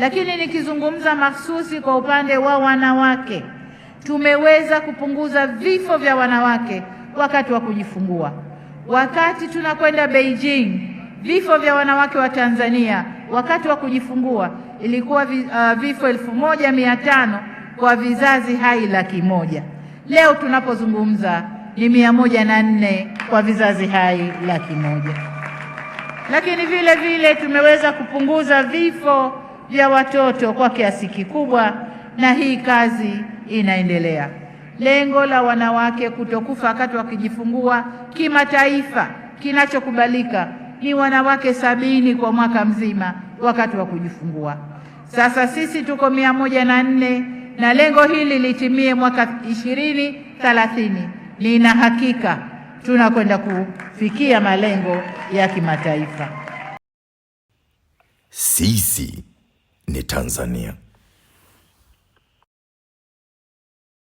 Lakini nikizungumza mahsusi kwa upande wa wanawake, tumeweza kupunguza vifo vya wanawake wakati wa kujifungua. Wakati tunakwenda Beijing, vifo vya wanawake wa Tanzania wakati wa kujifungua ilikuwa uh, vifo elfu moja mia tano kwa vizazi hai laki moja. Leo tunapozungumza ni mia moja na nne kwa vizazi hai laki moja. Lakini vile vile tumeweza kupunguza vifo ya watoto kwa kiasi kikubwa, na hii kazi inaendelea. Lengo la wanawake kutokufa wakati wakijifungua kimataifa kinachokubalika ni wanawake sabini kwa mwaka mzima wakati wa kujifungua. Sasa sisi tuko mia moja na nne na lengo hili litimie mwaka ishirini thelathini. Nina hakika tunakwenda kufikia malengo ya kimataifa. Sisi ni Tanzania.